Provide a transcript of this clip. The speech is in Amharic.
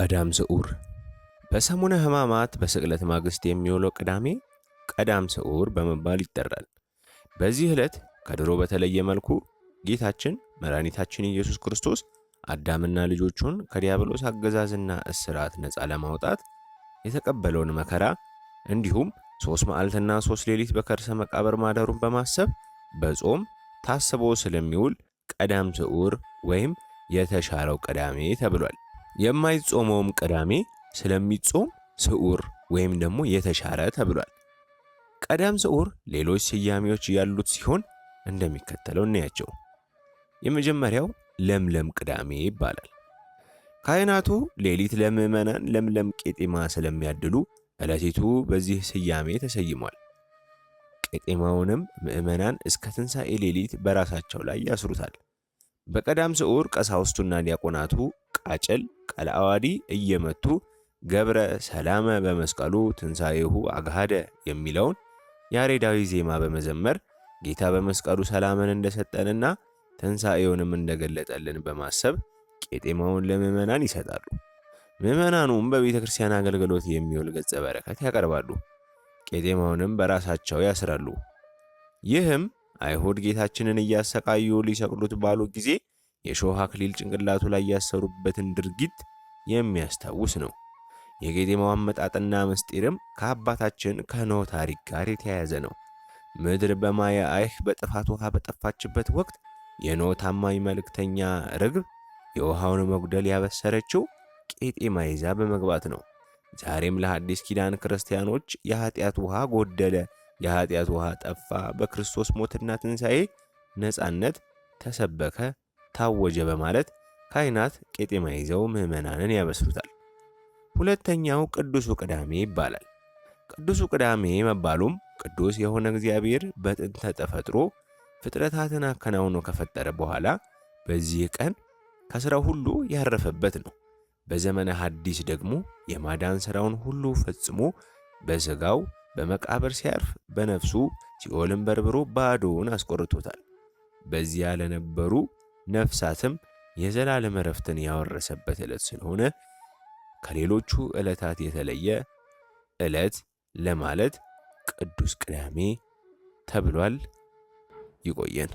ቀዳም ስዑር በሰሙነ ሕማማት በስቅለት ማግስት የሚውለው ቅዳሜ ቀዳም ስዑር በመባል ይጠራል። በዚህ ዕለት ከድሮ በተለየ መልኩ ጌታችን መድኃኒታችን ኢየሱስ ክርስቶስ አዳምና ልጆቹን ከዲያብሎስ አገዛዝና እስራት ነፃ ለማውጣት የተቀበለውን መከራ እንዲሁም ሦስት መዓልትና ሦስት ሌሊት በከርሰ መቃብር ማደሩን በማሰብ በጾም ታስቦ ስለሚውል ቀዳም ስዑር ወይም የተሻረው ቅዳሜ ተብሏል። የማይጾመውም ቅዳሜ ስለሚጾም ስዑር ወይም ደግሞ የተሻረ ተብሏል። ቀዳም ስዑር ሌሎች ስያሜዎች ያሉት ሲሆን እንደሚከተለው እናያቸው። የመጀመሪያው ለምለም ቅዳሜ ይባላል። ካህናቱ ሌሊት ለምዕመናን ለምለም ቄጤማ ስለሚያድሉ ዕለቲቱ በዚህ ስያሜ ተሰይሟል። ቄጤማውንም ምዕመናን እስከ ትንሣኤ ሌሊት በራሳቸው ላይ ያስሩታል። በቀዳም ስዑር ቀሳውስቱና ዲያቆናቱ ቃጭል አዋዲ እየመቱ ገብረ ሰላመ በመስቀሉ ትንሣኤሁ አግሃደ የሚለውን ያሬዳዊ ዜማ በመዘመር ጌታ በመስቀሉ ሰላምን እንደሰጠንና ትንሣኤውንም እንደገለጠልን በማሰብ ቄጤማውን ለምዕመናን ይሰጣሉ። ምዕመናኑም በቤተ ክርስቲያን አገልግሎት የሚውል ገጸ በረከት ያቀርባሉ። ቄጤማውንም በራሳቸው ያስራሉ። ይህም አይሁድ ጌታችንን እያሰቃዩ ሊሰቅሉት ባሉ ጊዜ የሾህ አክሊል ጭንቅላቱ ላይ ያሰሩበትን ድርጊት የሚያስታውስ ነው። የቄጤማው አመጣጥና ምስጢርም ከአባታችን ከኖህ ታሪክ ጋር የተያያዘ ነው። ምድር በማየ አይህ በጥፋት ውሃ በጠፋችበት ወቅት የኖህ ታማኝ መልእክተኛ ርግብ የውሃውን መጉደል ያበሰረችው ቄጤማ ይዛ በመግባት ነው። ዛሬም ለሐዲስ ኪዳን ክርስቲያኖች የኃጢአት ውሃ ጎደለ፣ የኃጢአት ውሃ ጠፋ፣ በክርስቶስ ሞትና ትንሣኤ ነፃነት ተሰበከ፣ ታወጀ በማለት ካህናት ቄጤማ ይዘው ምዕመናንን ያበስሩታል። ሁለተኛው ቅዱሱ ቅዳሜ ይባላል። ቅዱሱ ቅዳሜ መባሉም ቅዱስ የሆነ እግዚአብሔር በጥንተ ተፈጥሮ ፍጥረታትን አከናውኖ ከፈጠረ በኋላ በዚህ ቀን ከሥራው ሁሉ ያረፈበት ነው። በዘመነ ሐዲስ ደግሞ የማዳን ሥራውን ሁሉ ፈጽሞ በሥጋው በመቃብር ሲያርፍ በነፍሱ ሲኦልን በርብሮ ባዶውን አስቆርቶታል። በዚያ ለነበሩ ነፍሳትም የዘላለም እረፍትን ያወረሰበት ዕለት ስለሆነ ከሌሎቹ ዕለታት የተለየ ዕለት ለማለት ቅዱስ ቅዳሜ ተብሏል። ይቆየን።